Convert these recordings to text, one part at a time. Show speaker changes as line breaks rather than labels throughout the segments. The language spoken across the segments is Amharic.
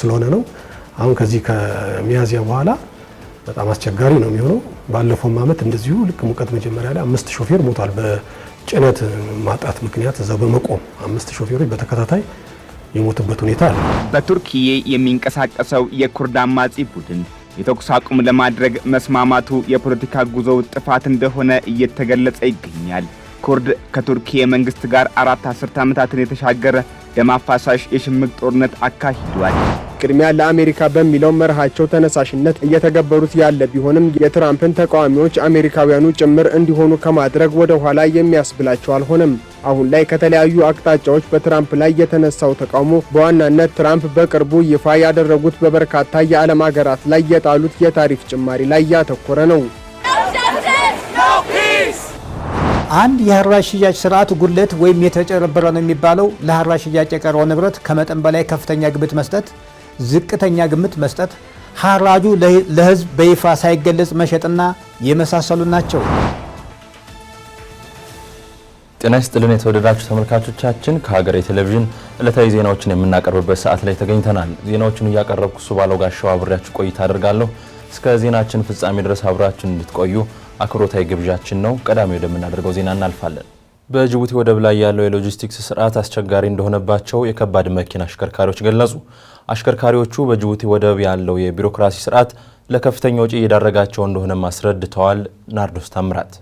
ስለሆነ ነው። አሁን ከዚህ ከሚያዚያ በኋላ በጣም አስቸጋሪ ነው የሚሆነው። ባለፈውም አመት እንደዚሁ ልክ ሙቀት መጀመሪያ ላይ አምስት ሾፌር ሞቷል በጭነት ማጣት ምክንያት እዛው በመቆም አምስት ሾፌሮች በተከታታይ የሞቱበት ሁኔታ አለ።
በቱርክዬ የሚንቀሳቀሰው የኩርድ አማጺ ቡድን የተኩስ አቁም ለማድረግ መስማማቱ የፖለቲካ ጉዞው ጥፋት እንደሆነ እየተገለጸ ይገኛል። ኩርድ ከቱርክ መንግስት ጋር አራት አስርት ዓመታትን የተሻገረ ደም አፋሳሽ የሽምቅ ጦርነት አካሂዷል።
ቅድሚያ ለአሜሪካ በሚለው መርሃቸው ተነሳሽነት እየተገበሩት ያለ ቢሆንም የትራምፕን ተቃዋሚዎች አሜሪካውያኑ ጭምር እንዲሆኑ ከማድረግ ወደ ኋላ የሚያስብላቸው አልሆነም። አሁን ላይ ከተለያዩ አቅጣጫዎች በትራምፕ ላይ የተነሳው ተቃውሞ በዋናነት ትራምፕ በቅርቡ ይፋ ያደረጉት በበርካታ የዓለም ሀገራት ላይ የጣሉት የታሪፍ ጭማሪ ላይ ያተኮረ ነው።
አንድ የሀራ ሽያጭ ስርዓት ጉድለት ወይም የተጨረበረ ነው የሚባለው ለሀራ ሽያጭ የቀረው ንብረት ከመጠን በላይ ከፍተኛ ግምት መስጠት፣ ዝቅተኛ ግምት መስጠት፣ ሀራጁ ለህዝብ በይፋ ሳይገለጽ መሸጥና የመሳሰሉ ናቸው።
ጤና ይስጥልን የተወደዳችሁ ተመልካቾቻችን፣ ከሀገሬ ቴሌቪዥን ዕለታዊ ዜናዎችን የምናቀርብበት ሰዓት ላይ ተገኝተናል። ዜናዎችን እያቀረብኩ እሱ ባለው ጋሻው አብሬያችሁ ቆይታ አደርጋለሁ። እስከ ዜናችን ፍጻሜ ድረስ አብራችሁን እንድትቆዩ አክብሮታዊ ግብዣችን ነው። ቀዳሚ ወደምናደርገው ዜና እናልፋለን። በጅቡቲ ወደብ ላይ ያለው የሎጂስቲክስ ስርዓት አስቸጋሪ እንደሆነባቸው የከባድ መኪና አሽከርካሪዎች ገለጹ። አሽከርካሪዎቹ በጅቡቲ ወደብ ያለው የቢሮክራሲ ስርዓት ለከፍተኛ ወጪ እየዳረጋቸው እንደሆነም አስረድተዋል። ናርዶስ ታምራት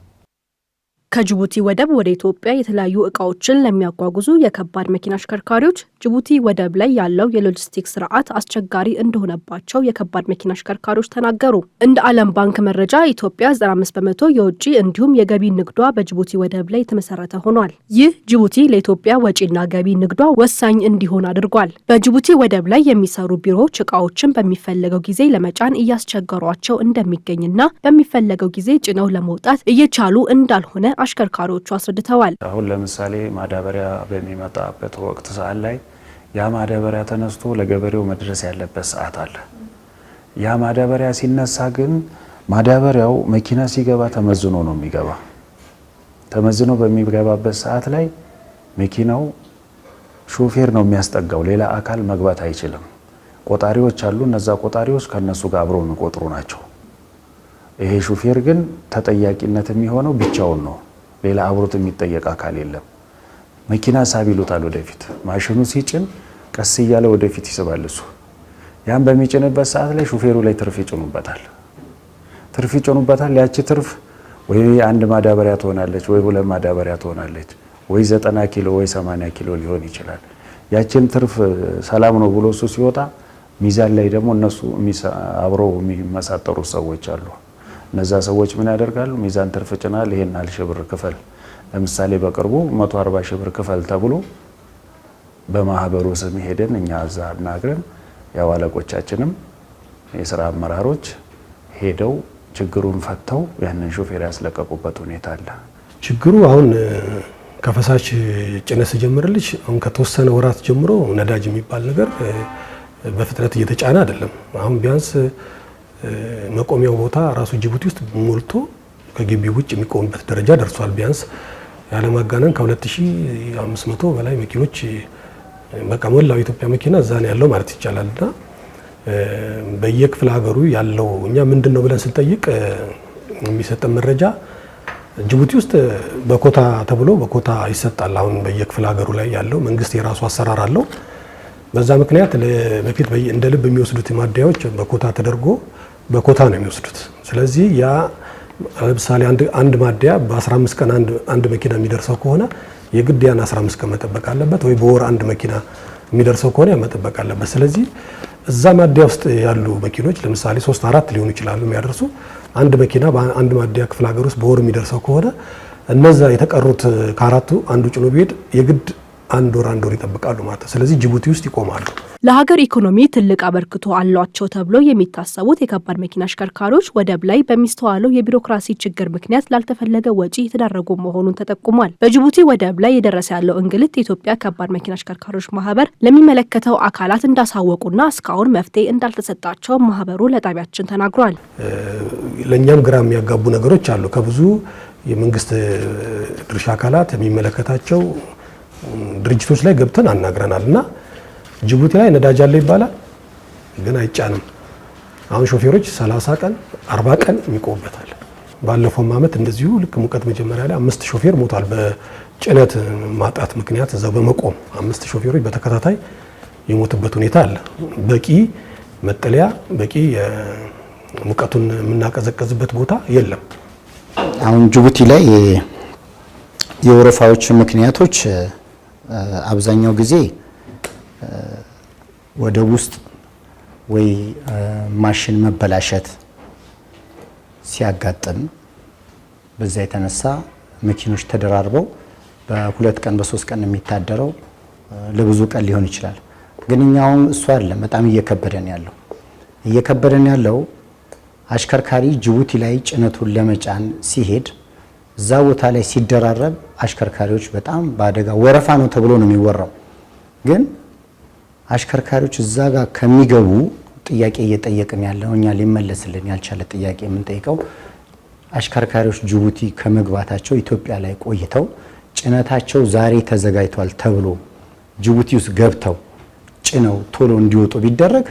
ከጅቡቲ ወደብ ወደ ኢትዮጵያ የተለያዩ እቃዎችን ለሚያጓጉዙ የከባድ መኪና አሽከርካሪዎች ጅቡቲ ወደብ ላይ ያለው የሎጂስቲክስ ስርዓት አስቸጋሪ እንደሆነባቸው የከባድ መኪና አሽከርካሪዎች ተናገሩ። እንደ ዓለም ባንክ መረጃ ኢትዮጵያ 95 በመቶ የውጭ እንዲሁም የገቢ ንግዷ በጅቡቲ ወደብ ላይ የተመሰረተ ሆኗል። ይህ ጅቡቲ ለኢትዮጵያ ወጪና ገቢ ንግዷ ወሳኝ እንዲሆን አድርጓል። በጅቡቲ ወደብ ላይ የሚሰሩ ቢሮዎች እቃዎችን በሚፈለገው ጊዜ ለመጫን እያስቸገሯቸው እንደሚገኝና በሚፈለገው ጊዜ ጭነው ለመውጣት እየቻሉ እንዳልሆነ አሽከርካሪዎቹ አስረድተዋል።
አሁን ለምሳሌ ማዳበሪያ በሚመጣበት ወቅት ሰዓት ላይ ያ ማዳበሪያ ተነስቶ ለገበሬው መድረስ ያለበት ሰዓት አለ። ያ ማዳበሪያ ሲነሳ ግን ማዳበሪያው መኪና ሲገባ ተመዝኖ ነው የሚገባ። ተመዝኖ በሚገባበት ሰዓት ላይ መኪናው ሾፌር ነው የሚያስጠጋው፣ ሌላ አካል መግባት አይችልም። ቆጣሪዎች አሉ። እነዛ ቆጣሪዎች ከነሱ ጋር አብረው የሚቆጥሩ ናቸው። ይሄ ሾፌር ግን ተጠያቂነት የሚሆነው ብቻውን ነው። ሌላ አብሮት የሚጠየቅ አካል የለም። መኪና ሳቢ ይሉታል። ወደፊት ማሽኑ ሲጭን ቀስ እያለ ወደፊት ይስባል እሱ። ያን በሚጭንበት ሰዓት ላይ ሹፌሩ ላይ ትርፍ ይጭኑበታል። ትርፍ ይጭኑበታል። ያቺ ትርፍ ወይ አንድ ማዳበሪያ ትሆናለች፣ ወይ ሁለት ማዳበሪያ ትሆናለች፣ ወይ ዘጠና ኪሎ ወይ ሰማንያ ኪሎ ሊሆን ይችላል። ያችን ትርፍ ሰላም ነው ብሎ እሱ ሲወጣ ሚዛን ላይ ደግሞ እነሱ አብረው የሚመሳጠሩ ሰዎች አሉ። እነዛ ሰዎች ምን ያደርጋሉ? ሚዛን ትርፍ ጭናል፣ ይሄን ያህል ሺህ ብር ክፈል። ለምሳሌ በቅርቡ 140 ሺህ ብር ክፈል ተብሎ በማህበሩ ስም ሄደን እኛ እዛ አናግረን ያው አለቆቻችንም የስራ አመራሮች ሄደው ችግሩን ፈተው ያንን ሾፌር ያስለቀቁበት ሁኔታ አለ።
ችግሩ አሁን ከፈሳሽ ጭነት ስጀምርልሽ አሁን ከተወሰነ ወራት ጀምሮ ነዳጅ የሚባል ነገር በፍጥነት እየተጫነ አይደለም። አሁን ቢያንስ መቆሚያው ቦታ ራሱ ጅቡቲ ውስጥ ሞልቶ ከግቢው ውጭ የሚቆሙበት ደረጃ ደርሷል። ቢያንስ ያለማጋነን ከ2500 በላይ መኪኖች በቃ ሞላው የኢትዮጵያ መኪና እዛ ነው ያለው ማለት ይቻላል። እና በየክፍለ ሀገሩ ያለው እኛ ምንድን ነው ብለን ስንጠይቅ የሚሰጠን መረጃ ጅቡቲ ውስጥ በኮታ ተብሎ በኮታ ይሰጣል። አሁን በየክፍለ ሀገሩ ላይ ያለው መንግስት የራሱ አሰራር አለው። በዛ ምክንያት በፊት እንደ ልብ የሚወስዱት ማደያዎች በኮታ ተደርጎ በኮታ ነው የሚወስዱት። ስለዚህ ያ ለምሳሌ አንድ ማደያ በ15 ቀን አንድ መኪና የሚደርሰው ከሆነ የግድ ያን 15 ቀን መጠበቅ አለበት፣ ወይ በወር አንድ መኪና የሚደርሰው ከሆነ ያ መጠበቅ አለበት። ስለዚህ እዛ ማደያ ውስጥ ያሉ መኪኖች ለምሳሌ ሶስት አራት ሊሆኑ ይችላሉ የሚያደርሱ አንድ መኪና በአንድ ማደያ ክፍለ ሀገር ውስጥ በወር የሚደርሰው ከሆነ እነዛ የተቀሩት ከአራቱ አንዱ ጭኖ ቢሄድ የግድ አንድ ወር አንድ ወር ይጠብቃሉ ማለት ነው። ስለዚህ ጅቡቲ ውስጥ ይቆማሉ።
ለሀገር ኢኮኖሚ ትልቅ አበርክቶ አሏቸው ተብሎ የሚታሰቡት የከባድ መኪና አሽከርካሪዎች ወደብ ላይ በሚስተዋለው የቢሮክራሲ ችግር ምክንያት ላልተፈለገ ወጪ የተዳረጉ መሆኑን ተጠቁሟል። በጅቡቲ ወደብ ላይ የደረሰ ያለው እንግልት የኢትዮጵያ ከባድ መኪና አሽከርካሪዎች ማህበር ለሚመለከተው አካላት እንዳሳወቁና እስካሁን መፍትሄ እንዳልተሰጣቸው ማህበሩ ለጣቢያችን ተናግሯል።
ለእኛም ግራ የሚያጋቡ ነገሮች አሉ። ከብዙ የመንግስት ድርሻ አካላት የሚመለከታቸው ድርጅቶች ላይ ገብተን አናግረናል እና ጅቡቲ ላይ ነዳጅ አለ ይባላል፣ ግን አይጫንም። አሁን ሾፌሮች 30 ቀን 40 ቀን የሚቆሙበታል። ባለፈውም ዓመት እንደዚሁ ልክ ሙቀት መጀመሪያ ላይ አምስት ሾፌር ሞቷል። በጭነት ማጣት ምክንያት እዛው በመቆም አምስት ሾፌሮች በተከታታይ የሞቱበት ሁኔታ አለ። በቂ መጠለያ፣ በቂ ሙቀቱን የምናቀዘቀዝበት ቦታ የለም።
አሁን ጅቡቲ ላይ የወረፋዎች ምክንያቶች አብዛኛው ጊዜ ወደ ውስጥ ወይ ማሽን መበላሸት ሲያጋጥም በዛ የተነሳ መኪኖች ተደራርበው በሁለት ቀን በሶስት ቀን የሚታደረው ለብዙ ቀን ሊሆን ይችላል። ግን እኛውም እሱ አይደለም በጣም እየከበደን ያለው እየከበደን ያለው አሽከርካሪ ጅቡቲ ላይ ጭነቱን ለመጫን ሲሄድ እዛ ቦታ ላይ ሲደራረብ አሽከርካሪዎች በጣም በአደጋ ወረፋ ነው ተብሎ ነው የሚወራው። ግን አሽከርካሪዎች እዛ ጋር ከሚገቡ ጥያቄ እየጠየቅን ያለው እኛ ሊመለስልን ያልቻለ ጥያቄ የምንጠይቀው አሽከርካሪዎች ጅቡቲ ከመግባታቸው ኢትዮጵያ ላይ ቆይተው ጭነታቸው ዛሬ ተዘጋጅቷል ተብሎ ጅቡቲ ውስጥ ገብተው ጭነው ቶሎ እንዲወጡ ቢደረግ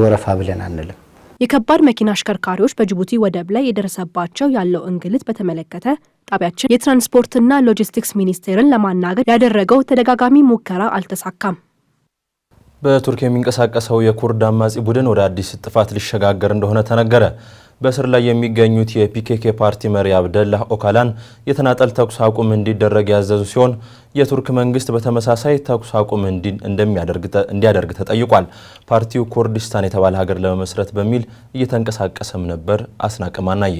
ወረፋ ብለን አንልም።
የከባድ መኪና አሽከርካሪዎች በጅቡቲ ወደብ ላይ የደረሰባቸው ያለው እንግልት በተመለከተ ጣቢያችን የትራንስፖርትና ሎጂስቲክስ ሚኒስቴርን ለማናገር ያደረገው ተደጋጋሚ ሙከራ አልተሳካም።
በቱርክ የሚንቀሳቀሰው የኩርድ አማጺ ቡድን ወደ አዲስ ጥፋት ሊሸጋገር እንደሆነ ተነገረ። በእስር ላይ የሚገኙት የፒኬኬ ፓርቲ መሪ አብደላህ ኦካላን የተናጠል ተኩስ አቁም እንዲደረግ ያዘዙ ሲሆን የቱርክ መንግስት በተመሳሳይ ተኩስ አቁም እንዲያደርግ ተጠይቋል። ፓርቲው ኩርዲስታን የተባለ ሀገር ለመመስረት በሚል እየተንቀሳቀሰም ነበር። አስናቀማናዬ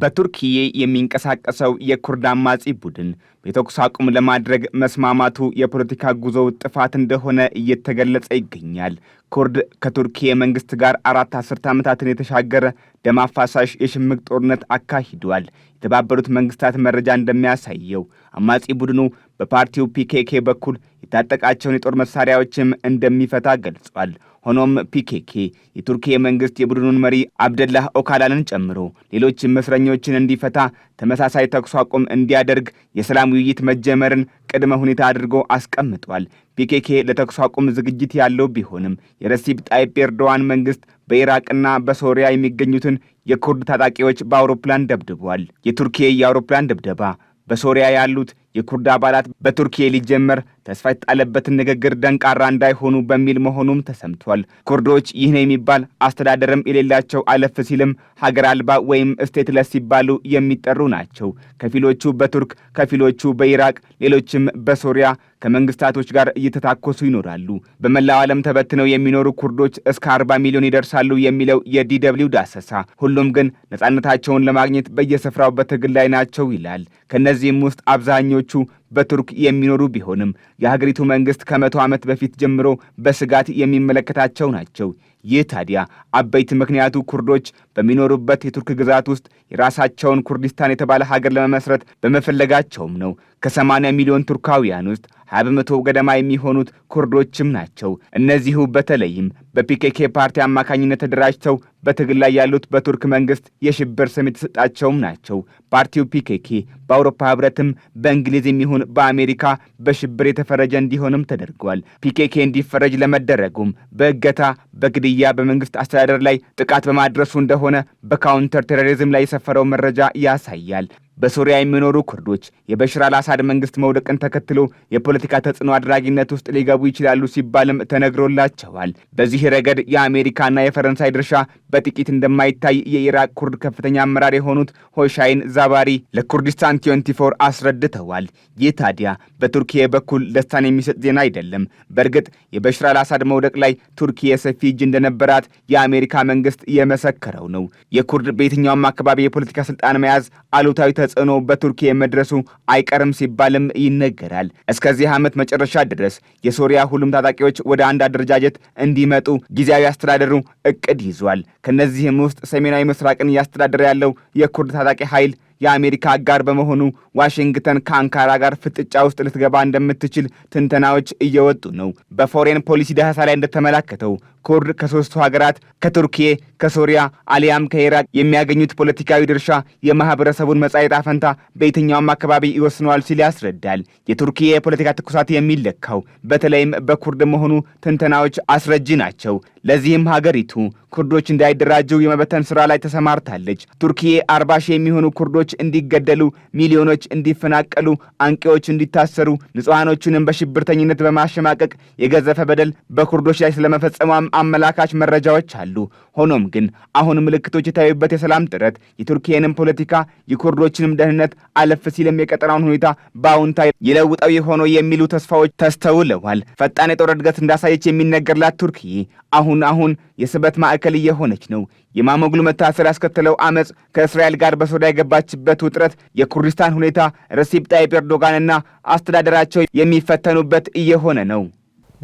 በቱርኪዬ የሚንቀሳቀሰው የኩርድ አማጺ ቡድን የተኩስ አቁም ለማድረግ መስማማቱ የፖለቲካ ጉዞው ጥፋት እንደሆነ እየተገለጸ ይገኛል። ኩርድ ከቱርክ መንግስት ጋር አራት አስርት ዓመታትን የተሻገረ ደም አፋሳሽ የሽምቅ ጦርነት አካሂዷል። የተባበሩት መንግስታት መረጃ እንደሚያሳየው አማጺ ቡድኑ በፓርቲው ፒኬኬ በኩል የታጠቃቸውን የጦር መሳሪያዎችም እንደሚፈታ ገልጿል። ሆኖም ፒኬኬ የቱርኪ መንግስት የቡድኑን መሪ አብደላህ ኦካላንን ጨምሮ ሌሎችም እስረኞችን እንዲፈታ ተመሳሳይ ተኩስ አቁም እንዲያደርግ የሰላም ውይይት መጀመርን ቅድመ ሁኔታ አድርጎ አስቀምጧል። ፒኬኬ ለተኩስ አቁም ዝግጅት ያለው ቢሆንም የረሲብ ጣይፕ ኤርዶዋን መንግስት በኢራቅና በሶሪያ የሚገኙትን የኩርድ ታጣቂዎች በአውሮፕላን ደብድቧል። የቱርኪ የአውሮፕላን ድብደባ በሶሪያ ያሉት የኩርድ አባላት በቱርኪዬ ሊጀመር ተስፋ የተጣለበትን ንግግር ደንቃራ እንዳይሆኑ በሚል መሆኑም ተሰምቷል። ኩርዶች ይህ ነው የሚባል አስተዳደርም የሌላቸው አለፍ ሲልም ሀገር አልባ ወይም ስቴትለስ ሲባሉ የሚጠሩ ናቸው። ከፊሎቹ በቱርክ ከፊሎቹ በኢራቅ ሌሎችም በሶሪያ ከመንግስታቶች ጋር እየተታኮሱ ይኖራሉ። በመላው ዓለም ተበትነው የሚኖሩ ኩርዶች እስከ 40 ሚሊዮን ይደርሳሉ የሚለው የዲደብሊው ዳሰሳ፣ ሁሉም ግን ነፃነታቸውን ለማግኘት በየስፍራው በትግል ላይ ናቸው ይላል። ከእነዚህም ውስጥ አብዛኞ አብዛኞቹ በቱርክ የሚኖሩ ቢሆንም የሀገሪቱ መንግስት ከመቶ ዓመት በፊት ጀምሮ በስጋት የሚመለከታቸው ናቸው። ይህ ታዲያ አበይት ምክንያቱ ኩርዶች በሚኖሩበት የቱርክ ግዛት ውስጥ የራሳቸውን ኩርዲስታን የተባለ ሀገር ለመመስረት በመፈለጋቸውም ነው። ከ80 ሚሊዮን ቱርካውያን ውስጥ 20 በመቶ ገደማ የሚሆኑት ኩርዶችም ናቸው። እነዚሁ በተለይም በፒኬኬ ፓርቲ አማካኝነት ተደራጅተው በትግል ላይ ያሉት በቱርክ መንግስት የሽብር ስም የተሰጣቸውም ናቸው። ፓርቲው ፒኬኬ በአውሮፓ ህብረትም በእንግሊዝ የሚሆን በአሜሪካ በሽብር የተፈረጀ እንዲሆንም ተደርጓል። ፒኬኬ እንዲፈረጅ ለመደረጉም በእገታ፣ በግድያ፣ በመንግስት አስተዳደር ላይ ጥቃት በማድረሱ እንደሆነ በካውንተር ቴሮሪዝም ላይ የሰፈረው መረጃ ያሳያል። በሶሪያ የሚኖሩ ኩርዶች የበሽር አልአሳድ መንግስት መውደቅን ተከትሎ የፖለቲካ ተጽዕኖ አድራጊነት ውስጥ ሊገቡ ይችላሉ ሲባልም ተነግሮላቸዋል። በዚህ ረገድ የአሜሪካና የፈረንሳይ ድርሻ በጥቂት እንደማይታይ የኢራቅ ኩርድ ከፍተኛ አመራር የሆኑት ሆሻይን ዛባሪ ለኩርዲስታን ትዌንቲፎር አስረድተዋል። ይህ ታዲያ በቱርኪዬ በኩል ደስታን የሚሰጥ ዜና አይደለም። በእርግጥ የበሽር አልአሳድ መውደቅ ላይ ቱርኪዬ ሰፊ እጅ እንደነበራት የአሜሪካ መንግስት የመሰከረው ነው። የኩርድ በየትኛውም አካባቢ የፖለቲካ ስልጣን መያዝ አሉታዊ ተጽዕኖ በቱርኪያ መድረሱ አይቀርም ሲባልም ይነገራል። እስከዚህ ዓመት መጨረሻ ድረስ የሶሪያ ሁሉም ታጣቂዎች ወደ አንድ አደረጃጀት እንዲመጡ ጊዜያዊ አስተዳደሩ እቅድ ይዟል። ከነዚህም ውስጥ ሰሜናዊ ምስራቅን እያስተዳደረ ያለው የኩርድ ታጣቂ ኃይል የአሜሪካ አጋር በመሆኑ ዋሽንግተን ከአንካራ ጋር ፍጥጫ ውስጥ ልትገባ እንደምትችል ትንተናዎች እየወጡ ነው። በፎሬን ፖሊሲ ዳሰሳ ላይ እንደተመላከተው ኩርድ ከሶስቱ ሀገራት ከቱርኪ፣ ከሶሪያ አሊያም ከኢራቅ የሚያገኙት ፖለቲካዊ ድርሻ የማህበረሰቡን መጻኢ ዕጣ ፈንታ በየትኛውም አካባቢ ይወስነዋል ሲል ያስረዳል። የቱርኪየ የፖለቲካ ትኩሳት የሚለካው በተለይም በኩርድ መሆኑ ትንተናዎች አስረጂ ናቸው። ለዚህም ሀገሪቱ ኩርዶች እንዳይደራጁ የመበተን ስራ ላይ ተሰማርታለች። ቱርኪዬ አርባ ሺህ የሚሆኑ ኩርዶች እንዲገደሉ፣ ሚሊዮኖች እንዲፈናቀሉ፣ አንቂዎች እንዲታሰሩ፣ ንጹሐኖቹንም በሽብርተኝነት በማሸማቀቅ የገዘፈ በደል በኩርዶች ላይ ስለመፈጸሟም አመላካች መረጃዎች አሉ። ሆኖም ግን አሁን ምልክቶች የታዩበት የሰላም ጥረት የቱርኪየንም ፖለቲካ የኩርዶችንም ደህንነት አለፍ ሲልም የቀጠናውን ሁኔታ በአዎንታ ይለውጠው የሆነው የሚሉ ተስፋዎች ተስተውለዋል። ፈጣን የጦር እድገት እንዳሳየች የሚነገርላት ቱርኪይ አሁን አሁን የስበት ማዕከል እየሆነች ነው። የማሞግሉ መታሰር ያስከተለው አመፅ፣ ከእስራኤል ጋር በሶዳ የገባችበት ውጥረት፣ የኩርዲስታን ሁኔታ ረሲፕ ጣይፕ ኤርዶጋንና አስተዳደራቸው የሚፈተኑበት እየሆነ ነው።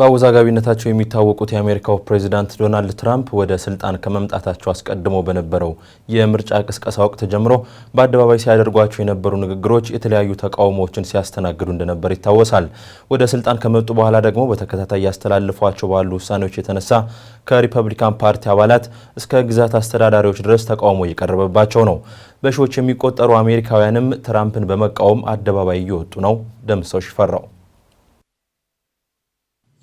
በአወዛጋቢነታቸው የሚታወቁት የአሜሪካው ፕሬዚዳንት ዶናልድ ትራምፕ ወደ ስልጣን ከመምጣታቸው አስቀድሞ በነበረው የምርጫ ቅስቀሳ ወቅት ጀምሮ በአደባባይ ሲያደርጓቸው የነበሩ ንግግሮች የተለያዩ ተቃውሞዎችን ሲያስተናግዱ እንደነበር ይታወሳል። ወደ ስልጣን ከመጡ በኋላ ደግሞ በተከታታይ ያስተላልፏቸው ባሉ ውሳኔዎች የተነሳ ከሪፐብሊካን ፓርቲ አባላት እስከ ግዛት አስተዳዳሪዎች ድረስ ተቃውሞ እየቀረበባቸው ነው። በሺዎች የሚቆጠሩ አሜሪካውያንም ትራምፕን በመቃወም አደባባይ እየወጡ ነው። ደምሰው ሽፈራው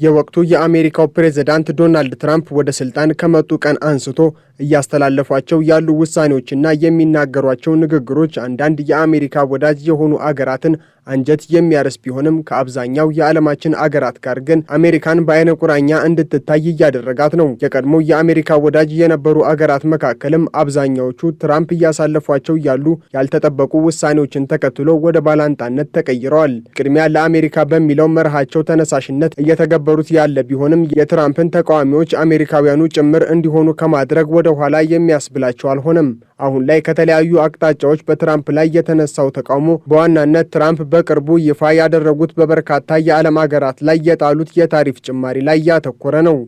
የወቅቱ የአሜሪካው ፕሬዝዳንት ዶናልድ ትራምፕ ወደ ስልጣን ከመጡ ቀን አንስቶ እያስተላለፏቸው ያሉ ውሳኔዎችና የሚናገሯቸው ንግግሮች አንዳንድ የአሜሪካ ወዳጅ የሆኑ አገራትን አንጀት የሚያርስ ቢሆንም ከአብዛኛው የዓለማችን አገራት ጋር ግን አሜሪካን በአይነ ቁራኛ እንድትታይ እያደረጋት ነው። የቀድሞ የአሜሪካ ወዳጅ የነበሩ አገራት መካከልም አብዛኛዎቹ ትራምፕ እያሳለፏቸው ያሉ ያልተጠበቁ ውሳኔዎችን ተከትሎ ወደ ባላንጣነት ተቀይረዋል። ቅድሚያ ለአሜሪካ በሚለው መርሃቸው ተነሳሽነት እየተገበሩት ያለ ቢሆንም የትራምፕን ተቃዋሚዎች አሜሪካውያኑ ጭምር እንዲሆኑ ከማድረግ ወደ ወደ ኋላ የሚያስብላቸው አልሆነም። አሁን ላይ ከተለያዩ አቅጣጫዎች በትራምፕ ላይ የተነሳው ተቃውሞ በዋናነት ትራምፕ በቅርቡ ይፋ ያደረጉት በበርካታ የዓለም ሀገራት ላይ የጣሉት የታሪፍ ጭማሪ ላይ ያተኮረ ነው።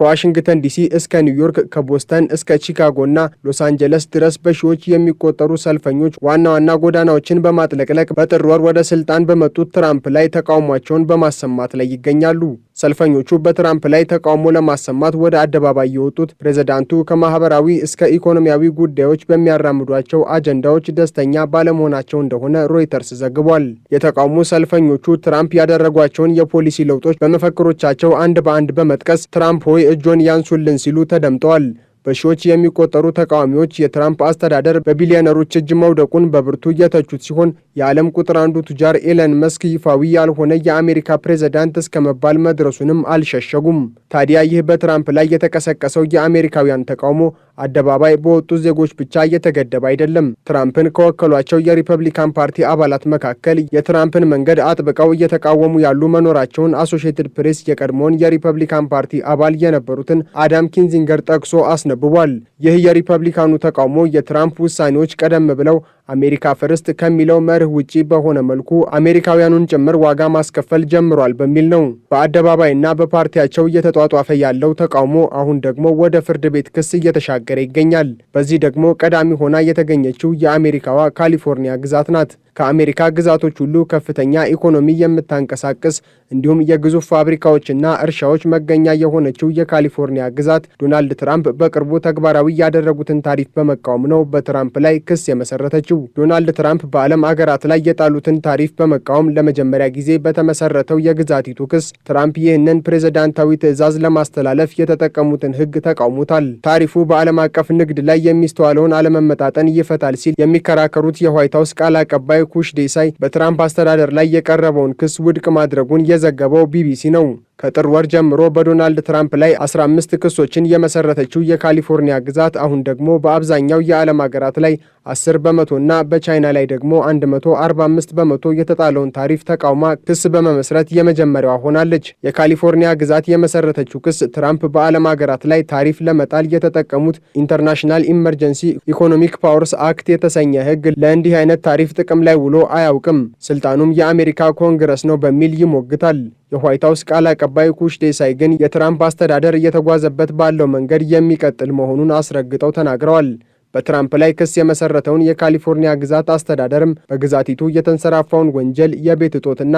ከዋሽንግተን ዲሲ እስከ ኒውዮርክ ከቦስተን እስከ ቺካጎና ሎስ አንጀለስ ድረስ በሺዎች የሚቆጠሩ ሰልፈኞች ዋና ዋና ጎዳናዎችን በማጥለቅለቅ በጥር ወር ወደ ስልጣን በመጡት ትራምፕ ላይ ተቃውሟቸውን በማሰማት ላይ ይገኛሉ። ሰልፈኞቹ በትራምፕ ላይ ተቃውሞ ለማሰማት ወደ አደባባይ የወጡት ፕሬዝዳንቱ ከማህበራዊ እስከ ኢኮኖሚያዊ ጉዳዮች በሚያራምዷቸው አጀንዳዎች ደስተኛ ባለመሆናቸው እንደሆነ ሮይተርስ ዘግቧል። የተቃውሞ ሰልፈኞቹ ትራምፕ ያደረጓቸውን የፖሊሲ ለውጦች በመፈክሮቻቸው አንድ በአንድ በመጥቀስ ትራምፕ ሆይ እጆን ያንሱልን ሲሉ ተደምጠዋል። በሺዎች የሚቆጠሩ ተቃዋሚዎች የትራምፕ አስተዳደር በቢሊዮነሮች እጅ መውደቁን በብርቱ እየተቹት ሲሆን የዓለም ቁጥር አንዱ ቱጃር ኤለን መስክ ይፋዊ ያልሆነ የአሜሪካ ፕሬዝዳንት እስከ መባል መድረሱንም አልሸሸጉም። ታዲያ ይህ በትራምፕ ላይ የተቀሰቀሰው የአሜሪካውያን ተቃውሞ አደባባይ በወጡ ዜጎች ብቻ እየተገደበ አይደለም። ትራምፕን ከወከሏቸው የሪፐብሊካን ፓርቲ አባላት መካከል የትራምፕን መንገድ አጥብቀው እየተቃወሙ ያሉ መኖራቸውን አሶሽየትድ ፕሬስ የቀድሞውን የሪፐብሊካን ፓርቲ አባል የነበሩትን አዳም ኪንዚንገር ጠቅሶ አስነብቧል። ይህ የሪፐብሊካኑ ተቃውሞ የትራምፕ ውሳኔዎች ቀደም ብለው አሜሪካ ፍርስት ከሚለው መርህ ውጪ በሆነ መልኩ አሜሪካውያኑን ጭምር ዋጋ ማስከፈል ጀምሯል በሚል ነው በአደባባይና በፓርቲያቸው እየተጧጧፈ ያለው ተቃውሞ። አሁን ደግሞ ወደ ፍርድ ቤት ክስ እየተሻገረ ይገኛል። በዚህ ደግሞ ቀዳሚ ሆና የተገኘችው የአሜሪካዋ ካሊፎርኒያ ግዛት ናት። ከአሜሪካ ግዛቶች ሁሉ ከፍተኛ ኢኮኖሚ የምታንቀሳቅስ እንዲሁም የግዙፍ ፋብሪካዎችና እርሻዎች መገኛ የሆነችው የካሊፎርኒያ ግዛት ዶናልድ ትራምፕ በቅርቡ ተግባራዊ ያደረጉትን ታሪፍ በመቃወም ነው በትራምፕ ላይ ክስ የመሰረተችው። ዶናልድ ትራምፕ በዓለም አገራት ላይ የጣሉትን ታሪፍ በመቃወም ለመጀመሪያ ጊዜ በተመሰረተው የግዛቲቱ ክስ ትራምፕ ይህንን ፕሬዝዳንታዊ ትዕዛዝ ለማስተላለፍ የተጠቀሙትን ሕግ ተቃውሞታል። ታሪፉ በዓለም አቀፍ ንግድ ላይ የሚስተዋለውን አለመመጣጠን ይፈታል ሲል የሚከራከሩት የዋይት ሀውስ ቃል አቀባይ ኩሽ ዴሳይ በትራምፕ አስተዳደር ላይ የቀረበውን ክስ ውድቅ ማድረጉን የዘገበው ቢቢሲ ነው። ከጥር ወር ጀምሮ በዶናልድ ትራምፕ ላይ 15 ክሶችን የመሰረተችው የካሊፎርኒያ ግዛት አሁን ደግሞ በአብዛኛው የዓለም ሀገራት ላይ 10 በመቶና በቻይና ላይ ደግሞ 145 በመቶ የተጣለውን ታሪፍ ተቃውማ ክስ በመመስረት የመጀመሪያዋ ሆናለች። የካሊፎርኒያ ግዛት የመሰረተችው ክስ ትራምፕ በዓለም ሀገራት ላይ ታሪፍ ለመጣል የተጠቀሙት ኢንተርናሽናል ኢመርጀንሲ ኢኮኖሚክ ፓወርስ አክት የተሰኘ ሕግ ለእንዲህ አይነት ታሪፍ ጥቅም ላይ ውሎ አያውቅም፣ ስልጣኑም የአሜሪካ ኮንግረስ ነው በሚል ይሞግታል። የዋይት ሀውስ ቃል አቀባይ ኩሽ ዴሳይ ግን የትራምፕ አስተዳደር እየተጓዘበት ባለው መንገድ የሚቀጥል መሆኑን አስረግጠው ተናግረዋል። በትራምፕ ላይ ክስ የመሰረተውን የካሊፎርኒያ ግዛት አስተዳደርም በግዛቲቱ የተንሰራፋውን ወንጀል፣ የቤት እጦትና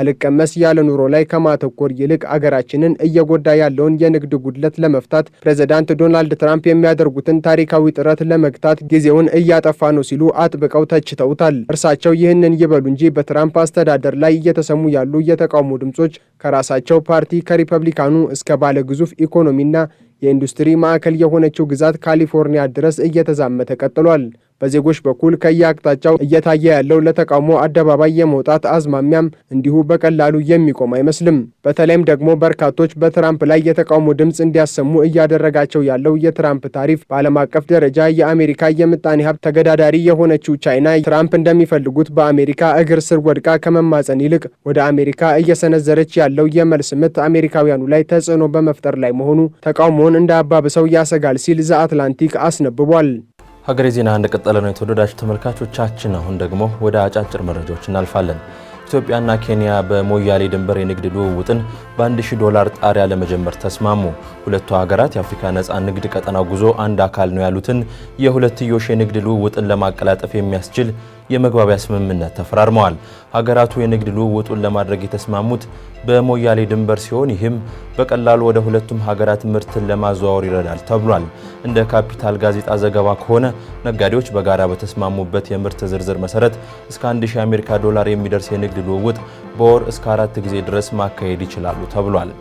አልቀመስ ያለ ኑሮ ላይ ከማተኮር ይልቅ አገራችንን እየጎዳ ያለውን የንግድ ጉድለት ለመፍታት ፕሬዚዳንት ዶናልድ ትራምፕ የሚያደርጉትን ታሪካዊ ጥረት ለመግታት ጊዜውን እያጠፋ ነው ሲሉ አጥብቀው ተችተውታል። እርሳቸው ይህንን ይበሉ እንጂ በትራምፕ አስተዳደር ላይ እየተሰሙ ያሉ የተቃውሞ ድምጾች ከራሳቸው ፓርቲ ከሪፐብሊካኑ እስከ ባለ ግዙፍ ኢኮኖሚና የኢንዱስትሪ ማዕከል የሆነችው ግዛት ካሊፎርኒያ ድረስ እየተዛመተ ቀጥሏል። በዜጎች በኩል ከየአቅጣጫው እየታየ ያለው ለተቃውሞ አደባባይ የመውጣት አዝማሚያም እንዲሁ በቀላሉ የሚቆም አይመስልም። በተለይም ደግሞ በርካቶች በትራምፕ ላይ የተቃውሞ ድምፅ እንዲያሰሙ እያደረጋቸው ያለው የትራምፕ ታሪፍ፣ በዓለም አቀፍ ደረጃ የአሜሪካ የምጣኔ ሀብት ተገዳዳሪ የሆነችው ቻይና ትራምፕ እንደሚፈልጉት በአሜሪካ እግር ስር ወድቃ ከመማፀን ይልቅ ወደ አሜሪካ እየሰነዘረች ያለው የመልስ ምት አሜሪካውያኑ ላይ ተጽዕኖ በመፍጠር ላይ መሆኑ ተቃውሞውን እንዳያባብሰው ያሰጋል ሲል ዘ አትላንቲክ አስነብቧል።
ሀገሬ ዜና እንደቀጠለ ነው። የተወደዳችሁ ተመልካቾቻችን፣ አሁን ደግሞ ወደ አጫጭር መረጃዎች እናልፋለን። ኢትዮጵያና ኬንያ በሞያሌ ድንበር የንግድ ልውውጥን በ1000 ዶላር ጣሪያ ለመጀመር ተስማሙ። ሁለቱ ሀገራት የአፍሪካ ነፃ ንግድ ቀጠና ጉዞ አንድ አካል ነው ያሉትን የሁለትዮሽ የንግድ ልውውጥን ለማቀላጠፍ የሚያስችል የመግባቢያ ስምምነት ተፈራርመዋል። ሀገራቱ የንግድ ልውውጡን ለማድረግ የተስማሙት በሞያሌ ድንበር ሲሆን ይህም በቀላሉ ወደ ሁለቱም ሀገራት ምርትን ለማዘዋወር ይረዳል ተብሏል። እንደ ካፒታል ጋዜጣ ዘገባ ከሆነ ነጋዴዎች በጋራ በተስማሙበት የምርት ዝርዝር መሰረት እስከ 1 አሜሪካ ዶላር የሚደርስ የንግድ ልውውጥ በወር እስከ አራት ጊዜ ድረስ ማካሄድ ይችላሉ ተብሏል።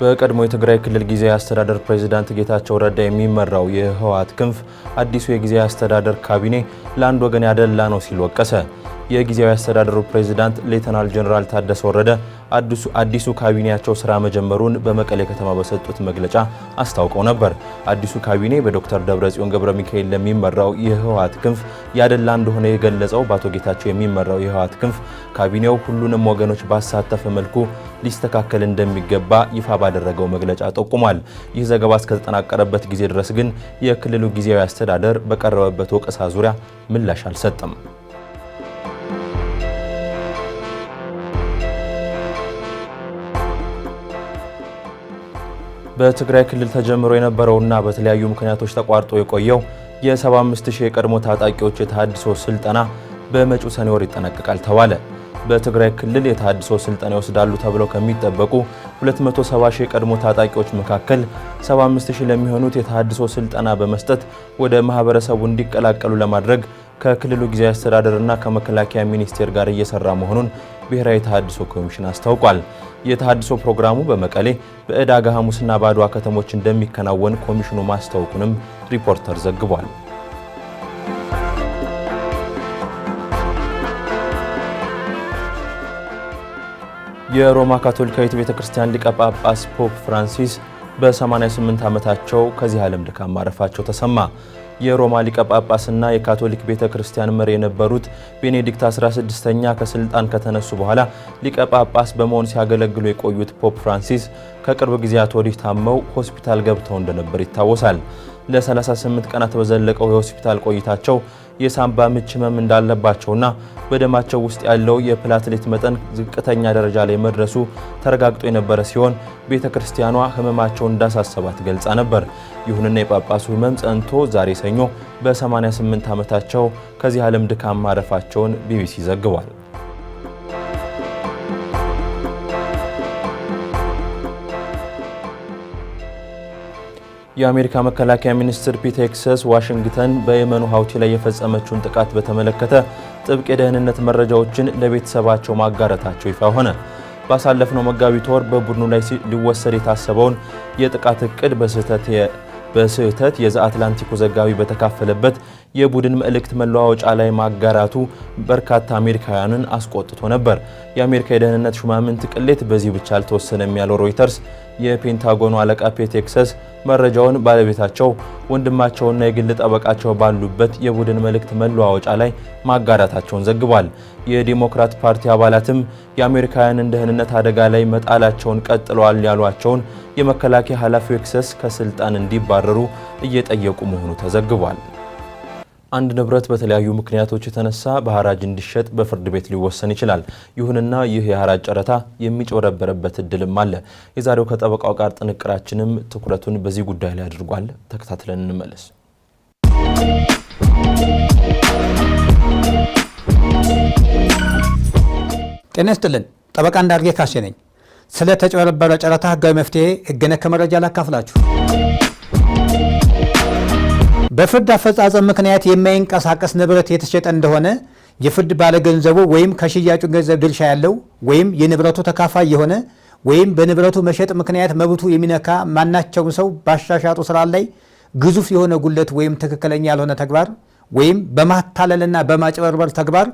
በቀድሞ የትግራይ ክልል ጊዜያዊ አስተዳደር ፕሬዚዳንት ጌታቸው ረዳ የሚመራው የህወሓት ክንፍ አዲሱ የጊዜያዊ አስተዳደር ካቢኔ ለአንድ ወገን ያደላ ነው ሲል ወቀሰ። የጊዜያዊ አስተዳደሩ ፕሬዚዳንት ሌተናል ጀኔራል ታደሰ ወረደ አዲሱ ካቢኔያቸው ስራ መጀመሩን በመቀሌ ከተማ በሰጡት መግለጫ አስታውቀው ነበር። አዲሱ ካቢኔ በዶክተር ደብረጽዮን ገብረ ሚካኤል ለሚመራው የህወሓት ክንፍ ያደላ እንደሆነ የገለጸው በአቶ ጌታቸው የሚመራው የህወሓት ክንፍ ካቢኔው ሁሉንም ወገኖች ባሳተፈ መልኩ ሊስተካከል እንደሚገባ ይፋ ባደረገው መግለጫ ጠቁሟል። ይህ ዘገባ እስከተጠናቀረበት ጊዜ ድረስ ግን የክልሉ ጊዜያዊ አስተዳደር በቀረበበት ወቀሳ ዙሪያ ምላሽ አልሰጠም። በትግራይ ክልል ተጀምሮ የነበረውና በተለያዩ ምክንያቶች ተቋርጦ የቆየው የ75000 የቀድሞ ታጣቂዎች የተሃድሶ ስልጠና በመጪው ሰኔ ወር ይጠናቀቃል ተባለ። በትግራይ ክልል የተሃድሶ ስልጠና ይወስዳሉ ተብለው ከሚጠበቁ 270 ሺህ የቀድሞ ታጣቂዎች መካከል 75 ሺህ ለሚሆኑት የተሃድሶ ስልጠና በመስጠት ወደ ማህበረሰቡ እንዲቀላቀሉ ለማድረግ ከክልሉ ጊዜያዊ አስተዳደርና ከመከላከያ ሚኒስቴር ጋር እየሰራ መሆኑን ብሔራዊ ተሃድሶ ኮሚሽን አስታውቋል። የተሃድሶ ፕሮግራሙ በመቀሌ በዕዳጋ ሐሙስና በአድዋ ከተሞች እንደሚከናወን ኮሚሽኑ ማስታወቁንም ሪፖርተር ዘግቧል። የሮማ ካቶሊካዊት ቤተ ክርስቲያን ሊቀ ጳጳስ ፖፕ ፍራንሲስ በ88 ዓመታቸው ከዚህ ዓለም ድካም ማረፋቸው ተሰማ። የሮማ ሊቀ ጳጳስና የካቶሊክ ቤተ ክርስቲያን መሪ የነበሩት ቤኔዲክት 16ኛ ከስልጣን ከተነሱ በኋላ ሊቀ ጳጳስ በመሆን ሲያገለግሉ የቆዩት ፖፕ ፍራንሲስ ከቅርብ ጊዜያት ወዲህ ታመው ሆስፒታል ገብተው እንደነበር ይታወሳል። ለ38 ቀናት በዘለቀው የሆስፒታል ቆይታቸው የሳምባ ምች ህመም እንዳለባቸውና በደማቸው ውስጥ ያለው የፕላትሌት መጠን ዝቅተኛ ደረጃ ላይ መድረሱ ተረጋግጦ የነበረ ሲሆን ቤተ ክርስቲያኗ ህመማቸውን እንዳሳሰባት ገልጻ ነበር። ይሁንና የጳጳሱ ህመም ጸንቶ ዛሬ ሰኞ በ88 ዓመታቸው ከዚህ ዓለም ድካም ማረፋቸውን ቢቢሲ ዘግቧል። የአሜሪካ መከላከያ ሚኒስትር ፒት ሄግሴስ ዋሽንግተን በየመኑ ሀውቲ ላይ የፈጸመችውን ጥቃት በተመለከተ ጥብቅ የደህንነት መረጃዎችን ለቤተሰባቸው ማጋረታቸው ይፋ ሆነ። ባሳለፍነው መጋቢት ወር በቡድኑ ላይ ሊወሰድ የታሰበውን የጥቃት እቅድ በስህተት የዘ አትላንቲኩ ዘጋቢ በተካፈለበት የቡድን መልእክት መለዋወጫ ላይ ማጋራቱ በርካታ አሜሪካውያንን አስቆጥቶ ነበር። የአሜሪካ የደህንነት ሹማምንት ቅሌት በዚህ ብቻ አልተወሰነም ያለው ሮይተርስ የፔንታጎኑ አለቃ ፔት መረጃውን ባለቤታቸው፣ ወንድማቸውና የግል ጠበቃቸው ባሉበት የቡድን መልእክት መለዋወጫ ላይ ማጋራታቸውን ዘግቧል። የዲሞክራት ፓርቲ አባላትም የአሜሪካውያንን ደህንነት አደጋ ላይ መጣላቸውን ቀጥለዋል ያሏቸውን የመከላከያ ኃላፊ ኤክሰስ ከስልጣን እንዲባረሩ እየጠየቁ መሆኑ ተዘግቧል። አንድ ንብረት በተለያዩ ምክንያቶች የተነሳ በሐራጅ እንዲሸጥ በፍርድ ቤት ሊወሰን ይችላል። ይሁንና ይህ የሐራጅ ጨረታ የሚጭበረበረበት እድልም አለ። የዛሬው ከጠበቃው ጋር ጥንቅራችንም ትኩረቱን በዚህ ጉዳይ ላይ አድርጓል። ተከታትለን እንመለስ። ጤና ይስጥልን። ጠበቃ እንዳርጌ ካሴ ነኝ። ስለ ተጭበረበረ ጨረታ ህጋዊ መፍትሄ ህገነክ መረጃ ላካፍላችሁ። በፍርድ አፈጻጸም ምክንያት የማይንቀሳቀስ ንብረት የተሸጠ እንደሆነ የፍርድ ባለገንዘቡ ወይም ከሽያጩ ገንዘብ ድርሻ ያለው ወይም የንብረቱ ተካፋይ የሆነ ወይም በንብረቱ መሸጥ ምክንያት መብቱ የሚነካ ማናቸውም ሰው በአሻሻጡ ስራ ላይ ግዙፍ የሆነ ጉለት ወይም ትክክለኛ ያልሆነ ተግባር ወይም በማታለልና በማጭበርበር ተግባር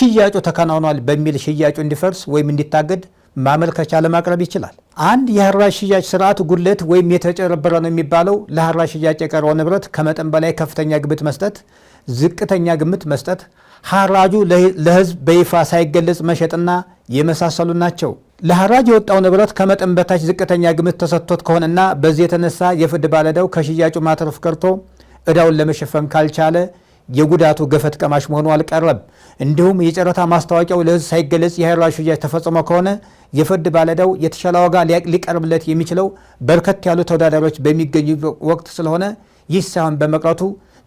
ሽያጩ ተከናውኗል በሚል ሽያጩ እንዲፈርስ ወይም እንዲታገድ ማመልከቻ ለማቅረብ ይችላል። አንድ የሀራጅ ሽያጭ ስርዓት ጉድለት ወይም የተጨረበረ ነው የሚባለው ለሀራጅ ሽያጭ የቀረው ንብረት ከመጠን በላይ ከፍተኛ ግምት መስጠት፣ ዝቅተኛ ግምት መስጠት፣ ሀራጁ ለህዝብ በይፋ ሳይገለጽ መሸጥና የመሳሰሉ ናቸው። ለሀራጅ የወጣው ንብረት ከመጠን በታች ዝቅተኛ ግምት ተሰጥቶት ከሆነና በዚህ የተነሳ የፍድ ባለዳው ከሽያጩ ማትረፍ ቀርቶ ዕዳውን ለመሸፈን ካልቻለ የጉዳቱ ገፈት ቀማሽ መሆኑ አልቀረም። እንዲሁም የጨረታ ማስታወቂያው ለህዝብ ሳይገለጽ የሀራጅ ሽያጭ ተፈጽሞ ከሆነ የፍርድ ባለዳው የተሻለ ዋጋ ሊቀርብለት የሚችለው በርከት ያሉ ተወዳዳሪዎች በሚገኙ ወቅት ስለሆነ ይህ ሳይሆን በመቅረቱ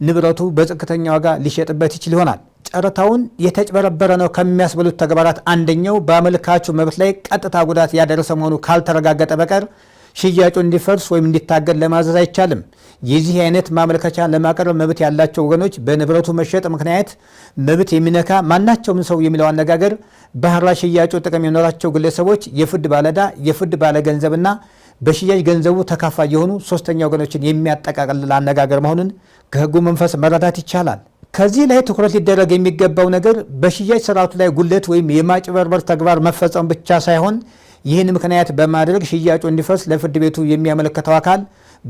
ንብረቱ በዝቅተኛ ዋጋ ሊሸጥበት ይችል ይሆናል። ጨረታውን የተጭበረበረ ነው ከሚያስበሉት ተግባራት አንደኛው በአመልካቹ መብት ላይ ቀጥታ ጉዳት ያደረሰ መሆኑ ካልተረጋገጠ በቀር ሽያጩ እንዲፈርስ ወይም እንዲታገድ ለማዘዝ አይቻልም። የዚህ አይነት ማመልከቻ ለማቅረብ መብት ያላቸው ወገኖች በንብረቱ መሸጥ ምክንያት መብት የሚነካ ማናቸውም ሰው የሚለው አነጋገር ባህራ ሽያጩ ጥቅም የኖራቸው ግለሰቦች የፍድ ባለዕዳ፣ የፍድ ባለገንዘብና በሽያጭ ገንዘቡ ተካፋይ የሆኑ ሶስተኛ ወገኖችን የሚያጠቃልል አነጋገር መሆኑን ከህጉ መንፈስ መረዳት ይቻላል። ከዚህ ላይ ትኩረት ሊደረግ የሚገባው ነገር በሽያጭ ስርዓቱ ላይ ጉለት ወይም የማጭበርበር ተግባር መፈጸም ብቻ ሳይሆን ይህን ምክንያት በማድረግ ሽያጩ እንዲፈርስ ለፍርድ ቤቱ የሚያመለክተው አካል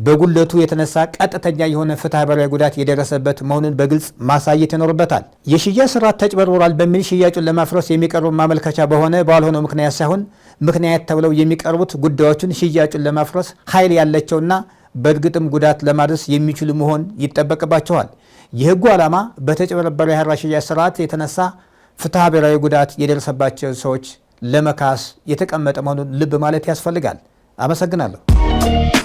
በጉለቱ የተነሳ ቀጥተኛ የሆነ ፍትሐብሔራዊ ጉዳት የደረሰበት መሆኑን በግልጽ ማሳየት ይኖርበታል። የሽያጭ ስርዓት ተጭበርብሯል በሚል ሽያጩን ለማፍረስ የሚቀርቡ ማመልከቻ በሆነ ባልሆነው ምክንያት ሳይሆን ምክንያት ተብለው የሚቀርቡት ጉዳዮችን ሽያጩን ለማፍረስ ኃይል ያላቸውና በእርግጥም ጉዳት ለማድረስ የሚችሉ መሆን ይጠበቅባቸዋል። የህጉ ዓላማ በተጭበረበረው የሀራ ሽያጭ ስርዓት የተነሳ ብሔራዊ ጉዳት የደረሰባቸው ሰዎች ለመካስ የተቀመጠ መሆኑን ልብ ማለት ያስፈልጋል። አመሰግናለሁ።